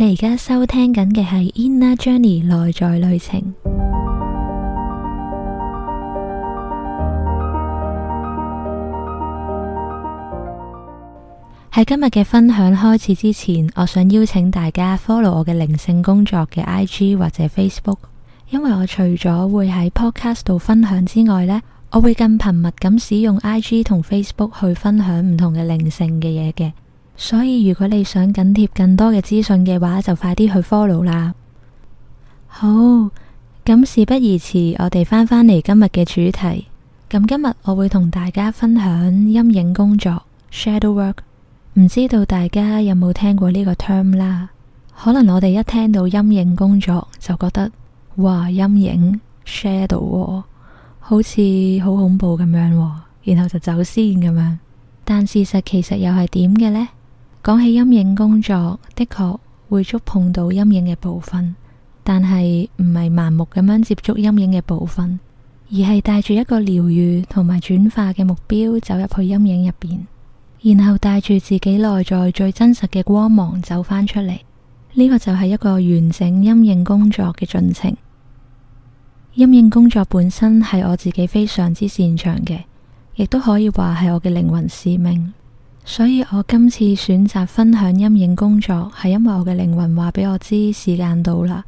你而家收聽緊嘅係《Inner Journey》內在旅程。喺 今日嘅分享開始之前，我想邀請大家 follow 我嘅靈性工作嘅 IG 或者 Facebook，因為我除咗會喺 podcast 度分享之外呢，我會更頻密咁使用 IG 同 Facebook 去分享唔同嘅靈性嘅嘢嘅。所以如果你想緊貼更多嘅資訊嘅話，就快啲去 follow 啦。好，咁事不宜遲，我哋翻返嚟今日嘅主題。咁今日我會同大家分享陰影工作 （shadow work）。唔知道大家有冇聽過呢個 term 啦？可能我哋一聽到陰影工作就覺得哇，陰影 shadow work, 好似好恐怖咁樣，然後就先走先咁樣。但事實其實又係點嘅呢？講起陰影工作，的確會觸碰到陰影嘅部分，但係唔係盲目咁樣接觸陰影嘅部分，而係帶住一個療癒同埋轉化嘅目標走入去陰影入邊，然後帶住自己內在最真實嘅光芒走翻出嚟。呢個就係一個完整陰影工作嘅進程。陰影工作本身係我自己非常之擅長嘅，亦都可以話係我嘅靈魂使命。所以我今次選擇分享陰影工作，係因為我嘅靈魂話俾我知時間到啦，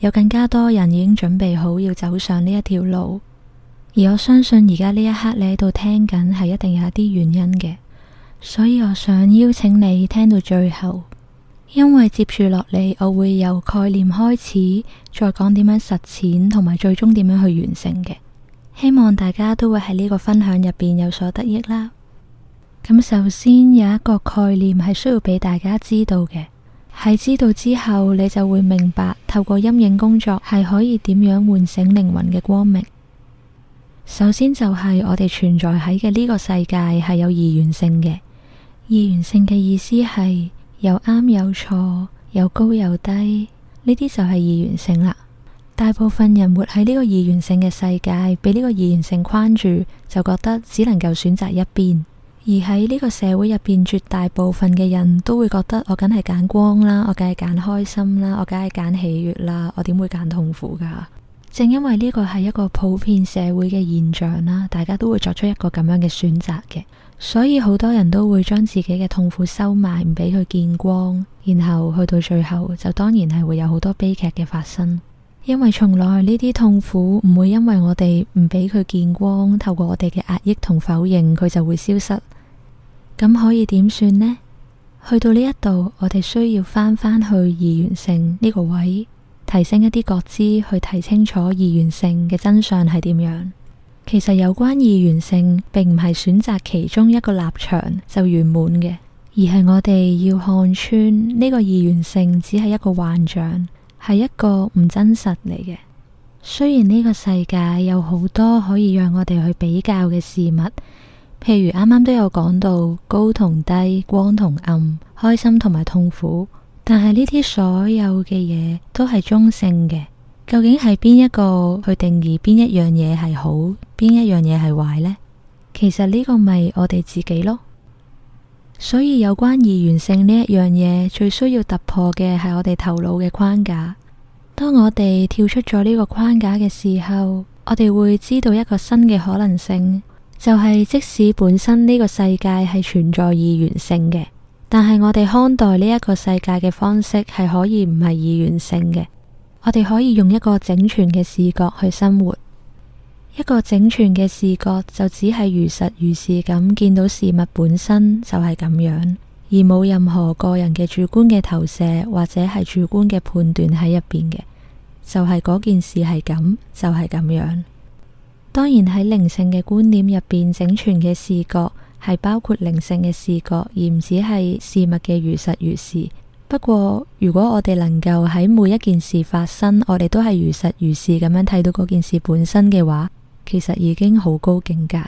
有更加多人已經準備好要走上呢一條路，而我相信而家呢一刻你喺度聽緊係一定有一啲原因嘅，所以我想邀請你聽到最後，因為接住落嚟我會由概念開始，再講點樣實踐，同埋最終點樣去完成嘅，希望大家都會喺呢個分享入邊有所得益啦。咁首先有一個概念係需要俾大家知道嘅，喺知道之後，你就會明白透過陰影工作係可以點樣喚醒靈魂嘅光明。首先就係我哋存在喺嘅呢個世界係有二元性嘅。二元性嘅意思係有啱有錯，有高有低，呢啲就係二元性啦。大部分人活喺呢個二元性嘅世界，被呢個二元性框住，就覺得只能夠選擇一邊。而喺呢個社會入邊，絕大部分嘅人都會覺得我梗係揀光啦，我梗係揀開心啦，我梗係揀喜悅啦，我點會揀痛苦噶？正因為呢個係一個普遍社會嘅現象啦，大家都會作出一個咁樣嘅選擇嘅，所以好多人都會將自己嘅痛苦收埋，唔俾佢見光，然後去到最後就當然係會有好多悲劇嘅發生。因為從來呢啲痛苦唔會因為我哋唔俾佢見光，透過我哋嘅壓抑同否認，佢就會消失。咁可以點算呢？去到呢一度，我哋需要返返去二元性呢個位，提升一啲覺知，去睇清楚二元性嘅真相係點樣。其實有關二元性，並唔係選擇其中一個立場就圓滿嘅，而係我哋要看穿呢個二元性只係一個幻象，係一個唔真實嚟嘅。雖然呢個世界有好多可以讓我哋去比較嘅事物。譬如啱啱都有講到高同低、光同暗、開心同埋痛苦，但係呢啲所有嘅嘢都係中性嘅。究竟係邊一個去定義邊一樣嘢係好，邊一樣嘢係壞呢？其實呢個咪我哋自己咯。所以有關二元性呢一樣嘢，最需要突破嘅係我哋頭腦嘅框架。當我哋跳出咗呢個框架嘅時候，我哋會知道一個新嘅可能性。就係即使本身呢個世界係存在二元性嘅，但係我哋看待呢一個世界嘅方式係可以唔係二元性嘅。我哋可以用一個整全嘅視覺去生活，一個整全嘅視覺就只係如實如是咁見到事物本身就係咁樣，而冇任何個人嘅主觀嘅投射或者係主觀嘅判斷喺入邊嘅，就係、是、嗰件事係咁，就係、是、咁樣。當然，喺靈性嘅觀念入邊，整全嘅視覺係包括靈性嘅視覺，而唔只係事物嘅如實如是。不過，如果我哋能夠喺每一件事發生，我哋都係如實如是咁樣睇到嗰件事本身嘅話，其實已經好高境界。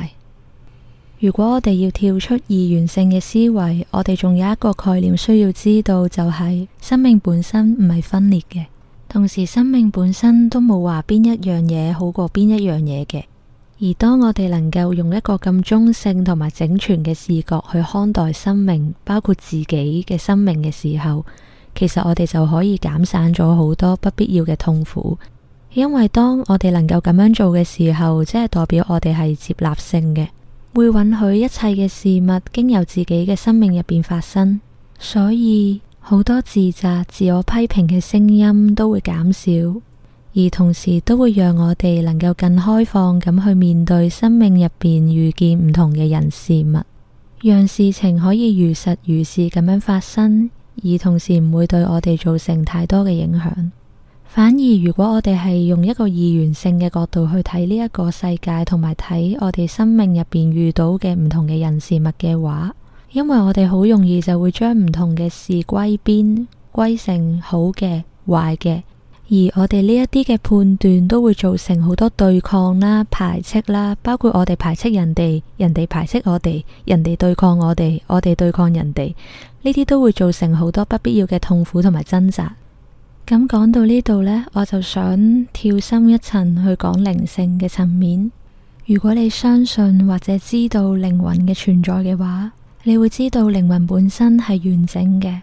如果我哋要跳出二元性嘅思維，我哋仲有一個概念需要知道，就係、是、生命本身唔係分裂嘅，同時生命本身都冇話邊一樣嘢好過邊一樣嘢嘅。而當我哋能夠用一個咁中性同埋整全嘅視覺去看待生命，包括自己嘅生命嘅時候，其實我哋就可以減省咗好多不必要嘅痛苦。因為當我哋能夠咁樣做嘅時候，即係代表我哋係接納性嘅，會允許一切嘅事物經由自己嘅生命入邊發生。所以好多自責、自我批評嘅聲音都會減少。而同時都會讓我哋能夠更開放咁去面對生命入邊遇見唔同嘅人事物，讓事情可以如實如是咁樣發生，而同時唔會對我哋造成太多嘅影響。反而如果我哋係用一個二元性嘅角度去睇呢一個世界，同埋睇我哋生命入邊遇到嘅唔同嘅人事物嘅話，因為我哋好容易就會將唔同嘅事歸邊，歸成好嘅、壞嘅。而我哋呢一啲嘅判斷都會造成好多對抗啦、排斥啦，包括我哋排斥人哋，人哋排斥我哋，人哋對抗我哋，我哋對抗人哋，呢啲都會造成好多不必要嘅痛苦同埋掙扎。咁講到呢度咧，我就想跳深一層去講靈性嘅層面。如果你相信或者知道靈魂嘅存在嘅話，你會知道靈魂本身係完整嘅。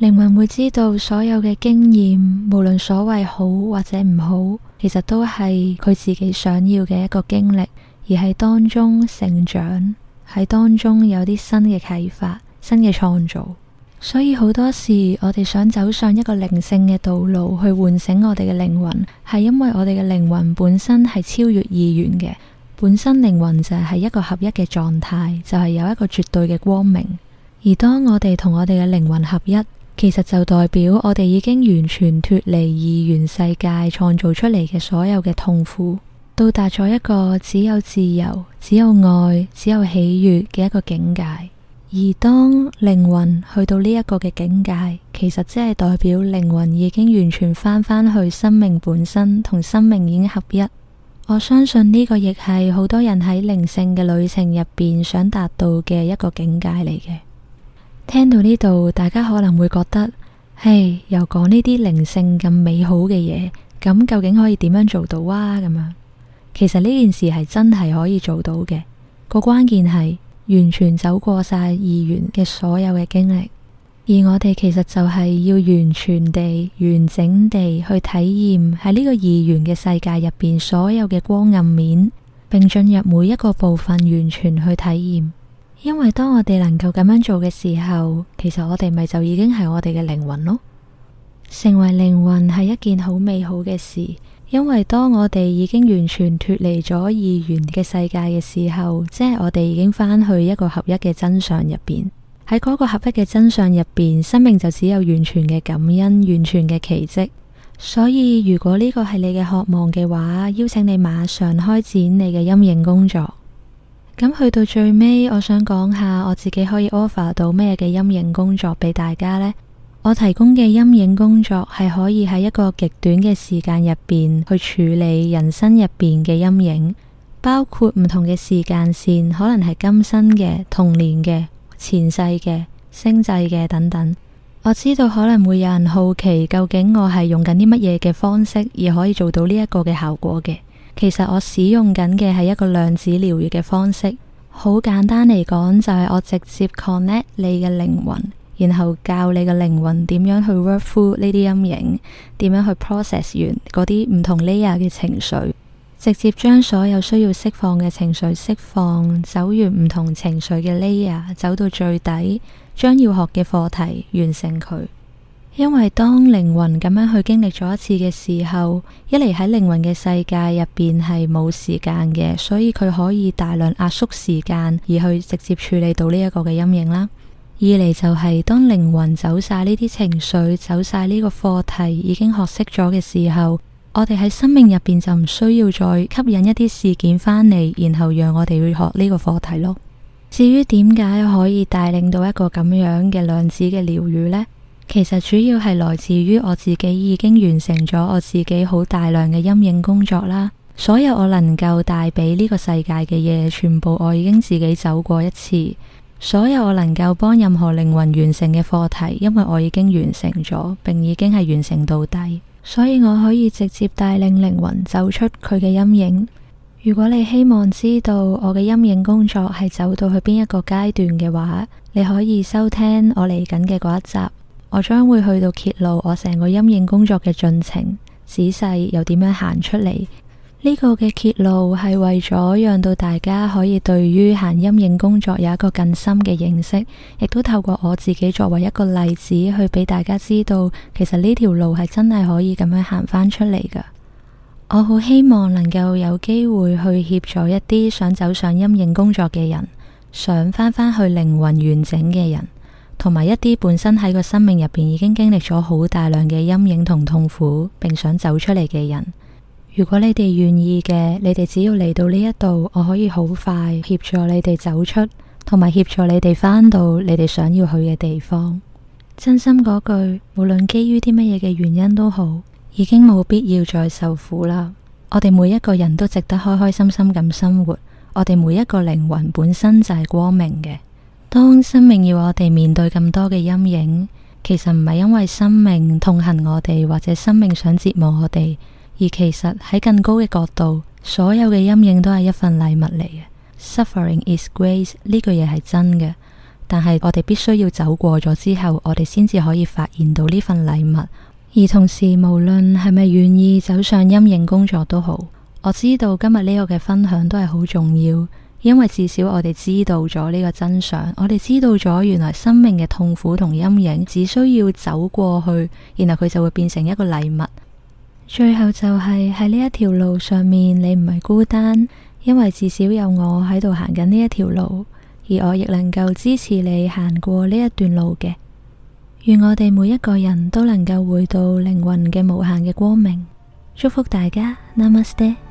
靈魂會知道所有嘅經驗，無論所謂好或者唔好，其實都係佢自己想要嘅一個經歷，而喺當中成長，喺當中有啲新嘅啟發、新嘅創造。所以好多時，我哋想走上一個靈性嘅道路去喚醒我哋嘅靈魂，係因為我哋嘅靈魂本身係超越二元嘅，本身靈魂就係一個合一嘅狀態，就係有一個絕對嘅光明。而當我哋同我哋嘅靈魂合一，其實就代表我哋已經完全脫離二元世界創造出嚟嘅所有嘅痛苦，到達咗一個只有自由、只有愛、只有喜悅嘅一個境界。而當靈魂去到呢一個嘅境界，其實只係代表靈魂已經完全翻返去生命本身，同生命已經合一。我相信呢個亦係好多人喺靈性嘅旅程入邊想達到嘅一個境界嚟嘅。聽到呢度，大家可能會覺得，唉，又講呢啲靈性咁美好嘅嘢，咁究竟可以點樣做到啊？咁樣，其實呢件事係真係可以做到嘅。個關鍵係完全走過晒二元嘅所有嘅經歷，而我哋其實就係要完全地完整地去體驗喺呢個二元嘅世界入邊所有嘅光暗面，並進入每一個部分，完全去體驗。因為當我哋能夠咁樣做嘅時候，其實我哋咪就已經係我哋嘅靈魂咯。成為靈魂係一件好美好嘅事，因為當我哋已經完全脫離咗二元嘅世界嘅時候，即係我哋已經返去一個合一嘅真相入邊。喺嗰個合一嘅真相入邊，生命就只有完全嘅感恩、完全嘅奇蹟。所以如果呢個係你嘅渴望嘅話，邀請你馬上開展你嘅陰影工作。咁去到最尾，我想講下我自己可以 offer 到咩嘅陰影工作俾大家呢。我提供嘅陰影工作係可以喺一個極短嘅時間入邊去處理人生入邊嘅陰影，包括唔同嘅時間線，可能係今生嘅、童年嘅、前世嘅、星際嘅等等。我知道可能會有人好奇，究竟我係用緊啲乜嘢嘅方式而可以做到呢一個嘅效果嘅。其實我使用緊嘅係一個量子療愈嘅方式，好簡單嚟講就係我直接 connect 你嘅靈魂，然後教你嘅靈魂點樣去 work through 呢啲陰影，點樣去 process 完嗰啲唔同 layer 嘅情緒，直接將所有需要釋放嘅情緒釋放，走完唔同情緒嘅 layer，走到最底，將要學嘅課題完成佢。因為當靈魂咁樣去經歷咗一次嘅時候，一嚟喺靈魂嘅世界入邊係冇時間嘅，所以佢可以大量壓縮時間而去直接處理到呢一個嘅陰影啦。二嚟就係當靈魂走晒呢啲情緒，走晒呢個課題已經學識咗嘅時候，我哋喺生命入邊就唔需要再吸引一啲事件返嚟，然後讓我哋去學呢個課題咯。至於點解可以帶領到一個咁樣嘅量子嘅療愈呢？其實主要係來自於我自己已經完成咗我自己好大量嘅陰影工作啦。所有我能夠帶俾呢個世界嘅嘢，全部我已經自己走過一次。所有我能夠幫任何靈魂完成嘅課題，因為我已經完成咗，並已經係完成到底，所以我可以直接帶領靈魂走出佢嘅陰影。如果你希望知道我嘅陰影工作係走到去邊一個階段嘅話，你可以收聽我嚟緊嘅嗰一集。我將會去到揭露我成個陰影工作嘅進程，仔細又點樣行出嚟？呢個嘅揭露係為咗讓到大家可以對於行陰影工作有一個更深嘅認識，亦都透過我自己作為一個例子去俾大家知道，其實呢條路係真係可以咁樣行翻出嚟噶。我好希望能夠有機會去協助一啲想走上陰影工作嘅人，想翻翻去靈魂完整嘅人。同埋一啲本身喺個生命入邊已經經歷咗好大量嘅陰影同痛苦，並想走出嚟嘅人，如果你哋願意嘅，你哋只要嚟到呢一度，我可以好快協助你哋走出，同埋協助你哋返到你哋想要去嘅地方。真心嗰句，無論基於啲乜嘢嘅原因都好，已經冇必要再受苦啦。我哋每一個人都值得開開心心咁生活，我哋每一個靈魂本身就係光明嘅。當生命要我哋面對咁多嘅陰影，其實唔係因為生命痛恨我哋，或者生命想折磨我哋，而其實喺更高嘅角度，所有嘅陰影都係一份禮物嚟嘅。Suffering is grace，呢句嘢係真嘅，但係我哋必須要走過咗之後，我哋先至可以發現到呢份禮物。而同時，無論係咪願意走上陰影工作都好，我知道今日呢個嘅分享都係好重要。因為至少我哋知道咗呢個真相，我哋知道咗原來生命嘅痛苦同陰影，只需要走過去，然後佢就會變成一個禮物。最後就係喺呢一條路上面，你唔係孤單，因為至少有我喺度行緊呢一條路，而我亦能夠支持你行過呢一段路嘅。願我哋每一個人都能夠回到靈魂嘅無限嘅光明。祝福大家，Namaste。Nam